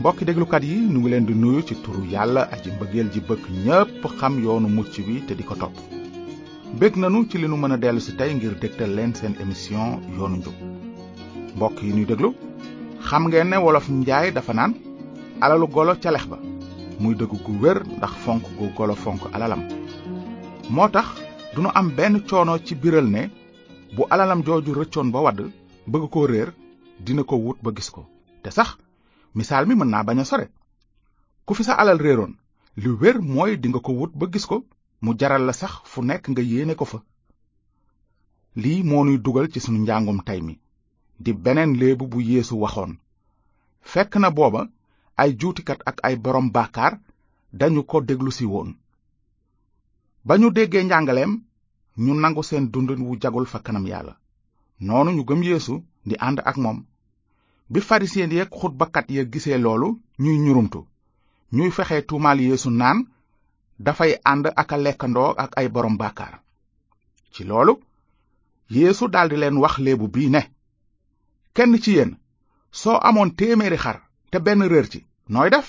mbokki déglukat yi nu ngi leen di nuyu ci turu yàlla aji mbëggeel ji bëgg ñépp xam yoonu mucc bi te di ko topp bég nanu ci li nu mën a dellu si tey ngir dégtal leen seen émission yoonu njub mbokk yi nuy déglu xam ngeen ne wolof njaay dafa naan alalu golo ca lex ba muy dëgg gu wér ndax fonk gu golo fonk alalam moo tax du nu am benn coono ci biral ne bu alalam jooju rëccoon ba wadd bëgg ko réer dina ko wut ba gis ko te sax misaal mi mën naa bañ a sore ku fi sa alal réeroon li wér mooy dinga ko wut ba gis ko mu jaral la sax fu nekk nga yéene ko fa lii moo nuy dugal ci sunu njàngum tey mi di beneen léebu bu yéesu waxoon fekk na booba ay juutikat ak ay borom baakaar dañu ko déglu si woon ba ñu déggee njàngaleem ñu nangu seen dund wu jagul fa kanam yàlla noonu ñu gëm yeesu di ànd ak moom bi farisiyen yeek xutbakat ya gisee loolu ñuy ñurumtu ñuy fexe tuumaal yeesu naan dafay ànd ak a lekkandoo ak ay borom baakaar ci loolu yéesu daldi leen wax léebu bii ne kenn ci yéen soo amoon téeméeri xar te benn réer ci nooy def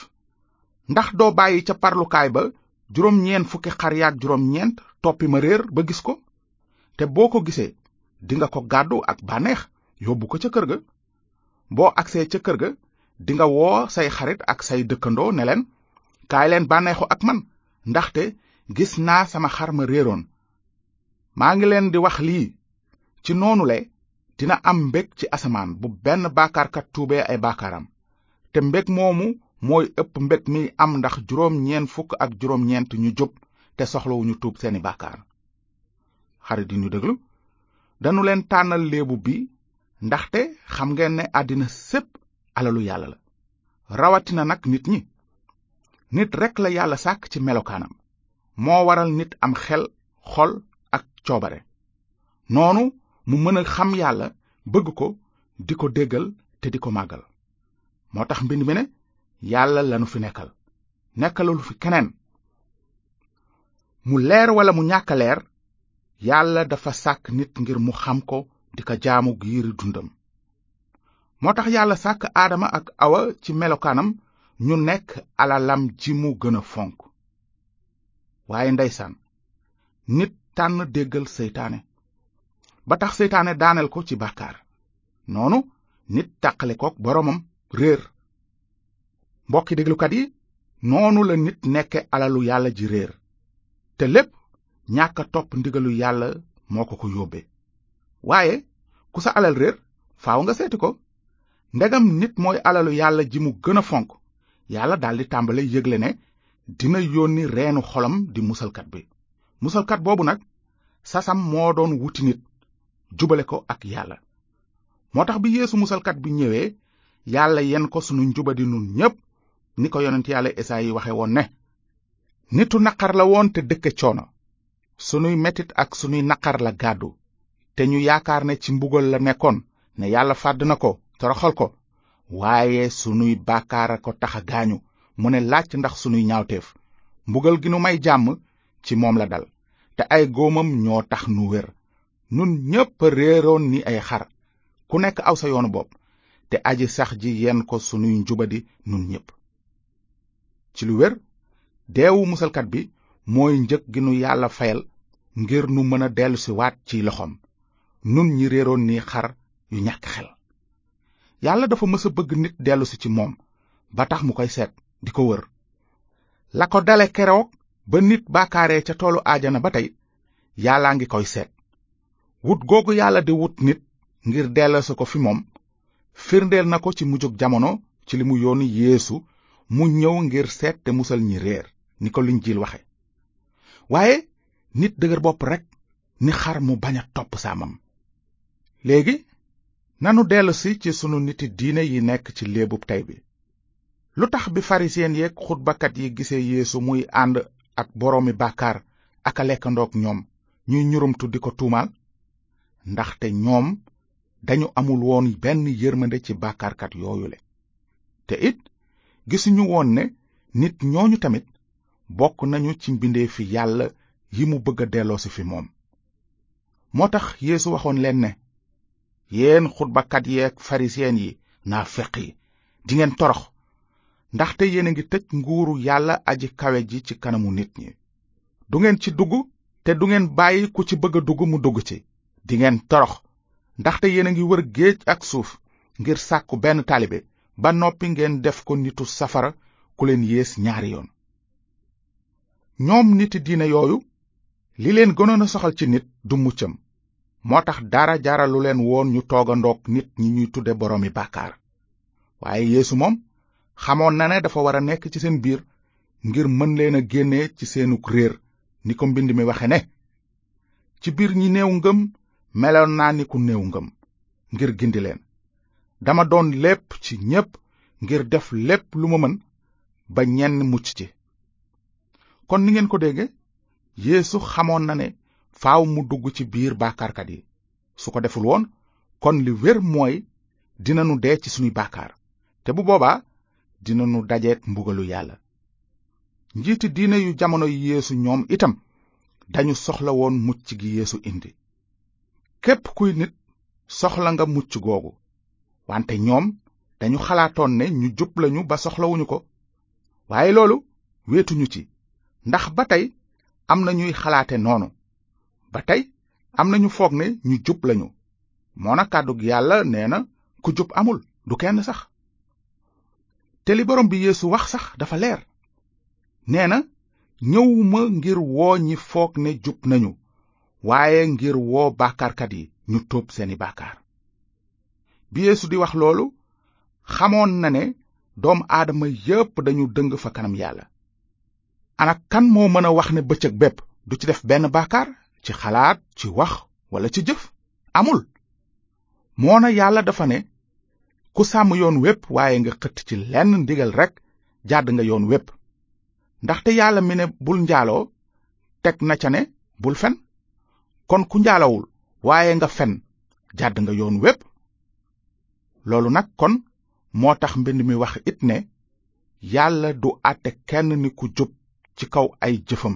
ndax doo bàyyi ca parlukaay ba juróom ñeent toppi ma réer ba gis ko te boo ko gisee dinga ko gàddu ak bànneex yóbbu ko ca kër ga boo agsee ca kër ga dinga woo say xarit ak say dëkkandoo ne leen kaay leen bànneexu ak man ndaxte gis naa sama xar ma réeroon maa ngi leen di wax lii ci noonu le dina am mbég ci asamaan bu benn baakaarkat tuubee ay baakaaram te mbég moomu mooy ëpp mbég mi am ndax juróom ñeent ñu jub te soxlawuñu tuub seeni baakaar xarit yi ñu déglu danu leen tànnal léebu bi ndaxte xam ngeen ne àddina sépp alalu yàlla la rawatina nag nit ñi nit rekk la yàlla sàkk ci melokaanam moo waral nit am xel xol ak coobare noonu mu mën a xam yàlla bëgg ko di ko déggal te di ko màggal moo tax mbind mi ne yàlla lanu fi nekkal nekkalalu fi keneen mu leer walla mu ñàkk leer yàlla dafa sàkk nit ngir mu xam ko di ko jaamu giiru dundam moo tax yàlla sàkk aadama ak awa ci melokaanam ñu nekk alalam ji mu gën a fonk waaye ndeysaan nit tànn déggal seytaane ba tax seytaane daaneel ko ci bàkkaar noonu nit tàqale ko boroomam réer mbokki déglukat yi noonu la nit nekke alalu yàlla ji réer te lépp ñàkk topp ndigalu yàlla moo ko ko yóbbe waaye ku sa alal réer faaw nga seeti ko ndegam nit mooy alalu yàlla ji mu gën a fonk yàlla daldi tàmbale yëgle ne dina yónni reenu xolam di musalkat bi musalkat boobu nag sasam moo doon wuti nit jubale ko ak yàlla moo tax bi yeesu musalkat bi ñëwee yàlla yenn ko sunu njubadi nun ñépp ni ko yonent yàlla yi waxe woon ne nitu naqar la woon te dëkke coono sunuy metit ak sunuy naqar la gàddu te ñu yaakaar ne ci mbugal la nekkoon ne yàlla fàdd na ko toroxal ko waaye sunuy bàkkaara ko tax a gaañu mu ne laaj ndax sunuy ñaawteef mbugal gi nu may jàmm ci moom la dal te ay góomam ñoo tax nu wér nun ñépp réeroon ni ay xar ku nekk aw sa yoonu bopp te aji sax ji yenn ko sunuy njubadi nun ñépp ci lu wér deewu musalkat bi mooy njëg gi nu yàlla fayal ngir nu mën a dellusiwaat ci loxoom nun ñi réeroon ni xar yu ñàkk yàlla dafa mës a bëgg nit dellusi ci moom ba tax mu koy seet di ko wër la ko dale keroog ba nit baakaaree ca toolu aajana ba tey yàllaa ngi koy seet wut googu yàlla di wut nit ngir dellusi ko fi moom firndeel na ko ci mu jóg jamono ci li mu yónni yeesu mu ñëw ngir seet te musal ñi réer ni ko liñ jiil waxe waaye nit dëgër bopp rekk ni xar mu bañ topp saamam léegi nanu dellusi ci sunu niti diine yi nekk ci léebub tey bi lu tax bi farisiyen yeeg xutbakat yi gisee yéesu muy ànd ak boroomi bàkkaar ak a lekkandoog ñoom ñuy ñurumtu di ko tuumaal ndaxte ñoom dañu amul woon benn yërmande ci bàkkaarkat yooyule te it gisuñu woon ne nit ñooñu tamit bokk nañu ci mbindeefi yàlla yi mu bëgg a delloosi fi moom moo tax yéesu waxoon leen ne yéen xutbakat yeeg fariseen yi naa yi dingeen torox ndaxte yéen a ngi tëj nguuru yàlla aji kawe ji ci kanamu nit ñi du ngeen ci dugg te du ngeen bàyyi ku ci bëgg a dugg mu dugg ci dingeen torox ndaxte yéen a ngi wër géej ak suuf ngir sàkku benn taalibe ba noppi ngeen def ko nitu safara ku leen yées ñaari yoon ñoom niti diine yooyu li leen gënoon a soxal ci nit du muccam moo tax dara jaaralu leen woon ñu toogandoog nit ñi ñuy tudde boroomi bàkkaar waaye yéesu moom xamoon na ne dafa war a nekk ci seen biir ngir mën leen a génne ci seenug réer ni ko mbind mi waxe ne ci biir ñi neew ngëm meloon naa ni ku néew ngëm ngir gindi leen dama doon lépp ci ñépp ngir def lépp lu ma mën ba ñenn mucc ci kon ni ngeen ko dégge yéesu xamoon na ne faaw mu dugg ci biir baakaarkat yi su ko deful woon kon li wér mooy dinanu dee ci sunuy baakaar te bu boobaa dina dinanu dajeek mbugalu yàlla njiiti diine yu jamono yi yeesu ñoom itam dañu soxla woon mucc gi yéesu indi képp kuy nit soxla nga mucc googu wante ñoom dañu xalaatoon ne ñu jub lañu ba soxlawuñu ko waaye loolu weetuñu ci ndax ba tey am na ñuy xalaate noonu ba tey am nañu foog ne ñu jub lañu moo moona kàddug yàlla nee na ku jub amul du kenn sax te li borom bi yeesu wax sax dafa leer nee na ñëwuma ngir woo ñi foog ne jub nañu waaye ngir woo bàkkaarkat yi ñu tuub seeni bàkkaar bi yeesu di wax loolu xamoon na ne doom aadama yépp dañu dëng fa kanam yàlla ana kan moo mën a wax ne bëccëg bépp du ci def benn bàkkaar ci xalaat ci wax wala ci jëf amul moona yàlla dafa ne ku sàmm yoon wépp waaye nga xëtt ci lenn ndigal rekk jàdd nga yoon wépp ndaxte yàlla mi ne bul njaaloo teg na ca ne bul fen kon ku njaalowul waaye nga fen jàdd nga yoon wépp loolu nag kon moo tax mbind mi wax it ne yàlla du àtte kenn ni ku jub ci kaw ay jëfam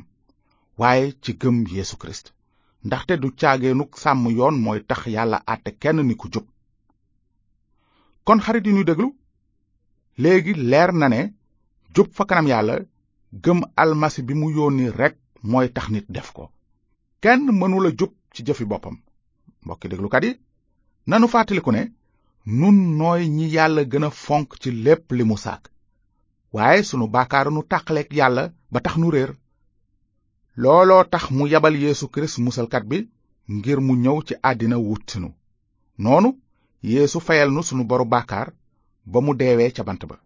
waaye ci gëm Yeesu Kirist ndaxte du caageenuk sàmm yoon mooy tax yàlla àtte kenn ni ku jub kon xarit yi ñu déglu léegi leer na ne jub fa kanam yàlla gëm almasi bi mu yónni rekk mooy tax nit def ko kenn mënula jub ci jëfi boppam mbokki déglukat yi nanu fàttaliku ne nun nooy ñi yàlla gën a fonk ci lépp li mu sàkk waaye sunu baakaar nu tàqaleek yàlla ba tax nu réer looloo tax mu yabal yéesu Kirist musalkat bi ngir mu ñëw ci àddina wutsinu noonu yéesu fayal nu sunu boru bàkkaar ba mu deewee ca bant ba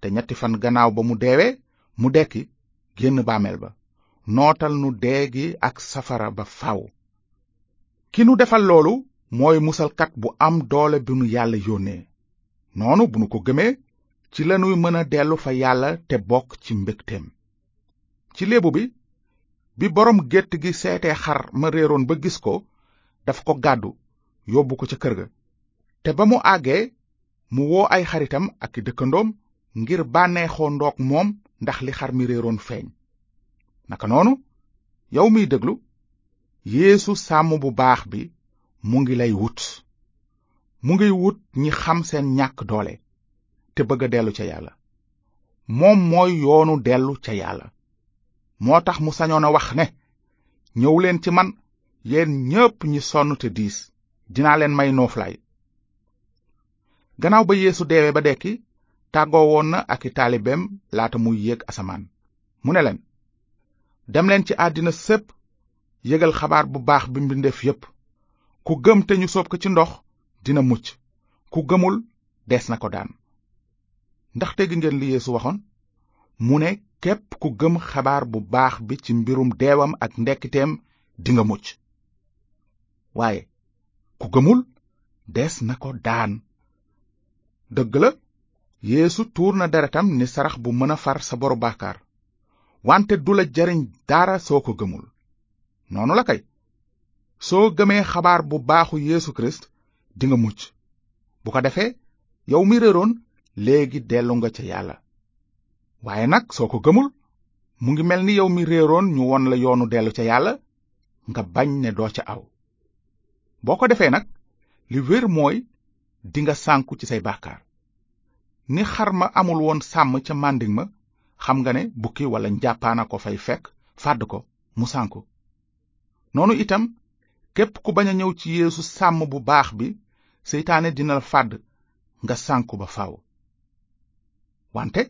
te ñetti fan gannaaw ba mu deewee mu dekki génn bàmmeel ba nootal nu dee gi ak safara ba faw ki nu defal loolu mooy musalkat bu am doole bi nu yàlla yónnee noonu bu nu ko gëmee ci lanuy mën a dellu fa yàlla te bokk ci mbégteem ci léebu bi bi boroom gétt gi seetee xar ma réeroon ba gis ko daf ko gàddu yóbbu ko ca kër ga te ba mu àggee mu woo ay xaritam ak i dëkkandoom ngir bànneexoo ndoog moom ndax li xar mi réeroon feeñ naka noonu yow miy déglu yéesu sàmm bu baax bi mu ngi lay wut mu ngi wut ñi xam seen ñàkk doole te bëgg a dellu ca yàlla moom mooy yoonu dellu ca yàlla moo tax mu sañoon a wax ne ñëw leen ci man yéen ñépp ñi sonn te diis dinaa leen may nooflaay gannaaw ba yéesu deewee ba dekki tàggoo woon na ak i taalibeem laata muy yéeg asamaan mu ne leen dem leen ci àddina sépp yëgal xabaar bu baax bi mbindeef yépp ku gëm te ñu soob ko ci ndox dina mucc ku gëmul des na ko daan ndax dégg ngeen li yeesu waxoon mu ne képp ku gëm xabaar bu baax bi ci mbirum deewam ak ndekkiteem dinga mucc waaye ku gëmul des na ko daan dëgg la yéesu tuur na deretam ni sarax bu mën a far sa boru bàkkaar wante du la jariñ dara soo ko gëmul noonu la kay soo gëmee xabaar bu baaxu yéesu kirist dinga mucc bu ko defee yow mi réeroon léegi dellu nga ca yàlla waaye nag soo ko gëmul mu ngi mel ni yow mi réeroon ñu won la yoonu dellu ca yàlla nga bañ ne doo ca aw boo ko defee nag li wér mooy dinga sànku ci say bàkkaar ni xar ma amul woon sàmm ca màndiŋ ma xam nga ne bukki walla njàppaana ko fay fekk fàdd ko mu sànku noonu itam képp ku bañ a ñëw ci yéesu sàmm bu baax bi seytaane dina la fàdd nga sànku ba faaw wante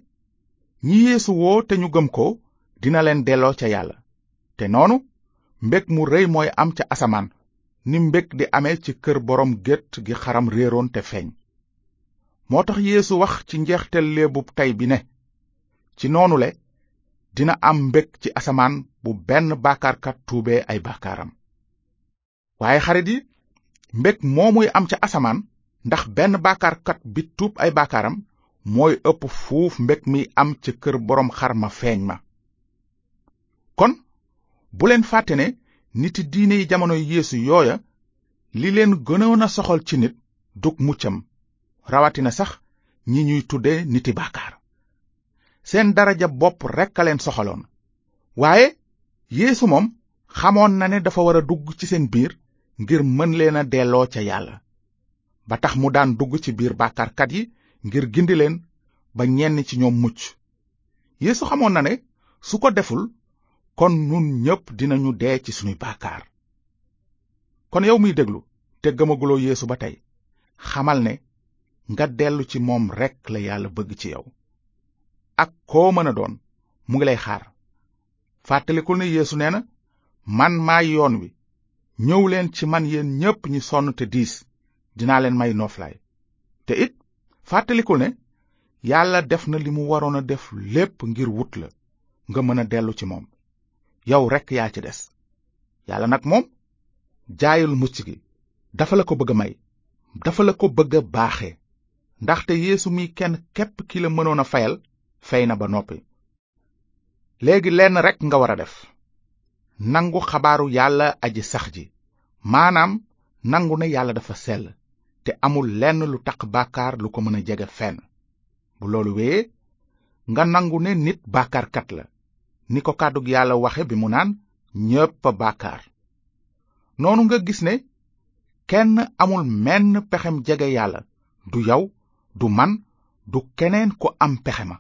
ñi yeesu woo te ñu gëm ko dina leen delloo ca yàlla te noonu mbég mu rëy mooy am ca asamaan ni mbég di amee ci kër boroom gétt gi xaram réeroon te feeñ moo tax yéesu wax ci njeexteel léebub tay bi ne ci noonu le dina am mbég ci asamaan bu benn baakaarkat tuubee ay baakaaram waaye xarit yi mbég moomuy am ca asamaan ndax benn baakaarkat bi tuub ay baakaaram mooy ëpp fuuf mbég mi am ca kër boroom xar ma feeñ ma kon bu leen fàtte ne niti diine yi jamono yéesu yooya li leen gënoon a soxal ci nit dug muccam rawatina sax ñi ñuy tudde niti baakaar seen daraja bopp rekk a leen soxaloon waaye yéesu moom xamoon na ne dafa war a dugg ci seen biir ngir mën leen a delloo ca yàlla ba tax mu daan dugg ci biir bàkkaarkat yi ngir gindi leen ba ñenn ci ñoom mucc yéesu xamoon na ne su ko deful kon nun ñépp dinañu dee ci sunuy baakaar kon yow miy déglu te gëmaguloo yéesu ba tey xamal ne nga dellu ci moom rekk la yàlla bëgg ci yow ak koo mën a doon mu ngi lay xaar fàttalikul ne yéesu nee na man maay yoon wi ñëw leen ci man yéen ñépp ñi sonn te diis dinaa leen may nooflaay te it fàttaliku ne yàlla def na li mu waroon a def lépp ngir wut la nga mën a dellu ci moom yow rekk yaa ci des yàlla nag moom jaayul mucc gi dafa la ko bëgg may dafa la ko bëgg baaxe ndaxte yéesu mi kenn képp ki la mënoon a fayal fay na ba noppi léegi lenn rekk nga war a def nangu xabaaru yàlla aji sax ji maanaam nangu ne yàlla dafa sell te amul lenn lu taq baakaar lu ko mën a jege fenn bu loolu wee nga nangu ne nit baakaarkat la ni ko kàddug yàlla waxe bi mu naan ñépp a baakaar noonu nga gis ne kenn amul menn pexem jege yàlla du yow du man du keneen ko am pexe ma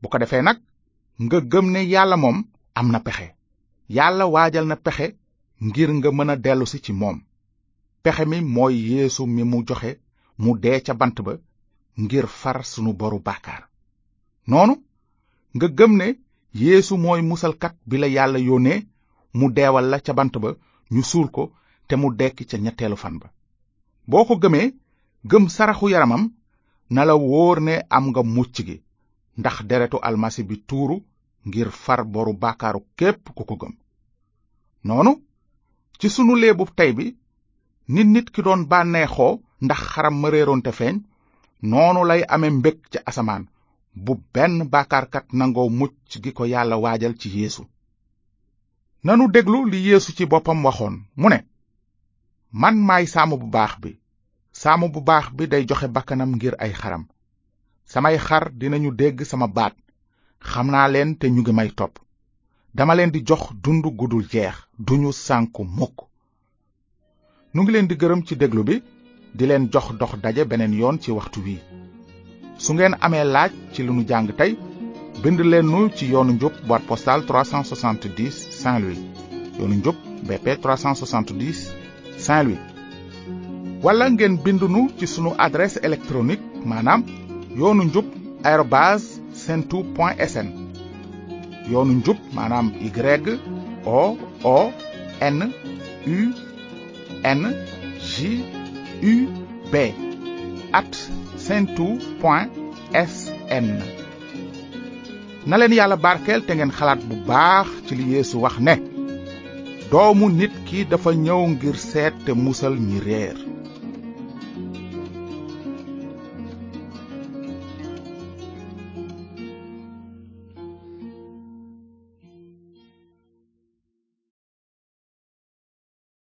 bu ko defee nag nga gëm ne yàlla moom am na pexe yàlla waajal na pexe ngir nga mën a dellusi ci moom pexe mi mooy yeesu mi mu joxe mu dee ca bant ba ngir far sunu boru bàkkaar noonu nga gëm ne yéesu mooy musalkat bi la yàlla yónnee mu deewal la ca bant ba ñu suul ko te mu dekki ca ñetteelu fan ba boo ko gëmee gëm saraxu yaramam na la wóor ne am nga mucc gi ndax deretu almasi bi tuuru ngir far boru bàkkaaru képp ku ko gëm noonu ci sunu leebu tey bi nit nit ki doon bànneexoo ndax xaram ma réeroon te feeñ noonu lay ame mbég ci asamaan bu benn baakaarkat nangoo mucc gi ko yàlla waajal ci yeesu nanu déglu li yéesu ci boppam waxoon mu ne man maay saamu bu baax bi saamu bu baax bi day joxe bakkanam ngir ay xaram samay xar dinañu dégg sama baat xam naa leen te ñu ngi may topp dama leen di jox dund gudul jeex duñu sànku mukk nu ngi leen di gërëm ci déglu bi di leen jox dox daje beneen yoon ci waxtu wi su ngeen amee laaj ci li nu jàng tey bind leen nu ci yoonu njub boîte postale 370 Saint-Louis yoonu njub BP 370 Saint-Louis wala ngeen bind nu ci sunu adresse électronique maanaam yoonu njub arobase sentu point sn yoonu njub maanaam Y O O N n j u at sentu point na leen yàlla barkeel te ngeen xalaat bu baax ci li yeesu wax ne doomu nit kii dafa ñëw ngir seet te musal ñi réer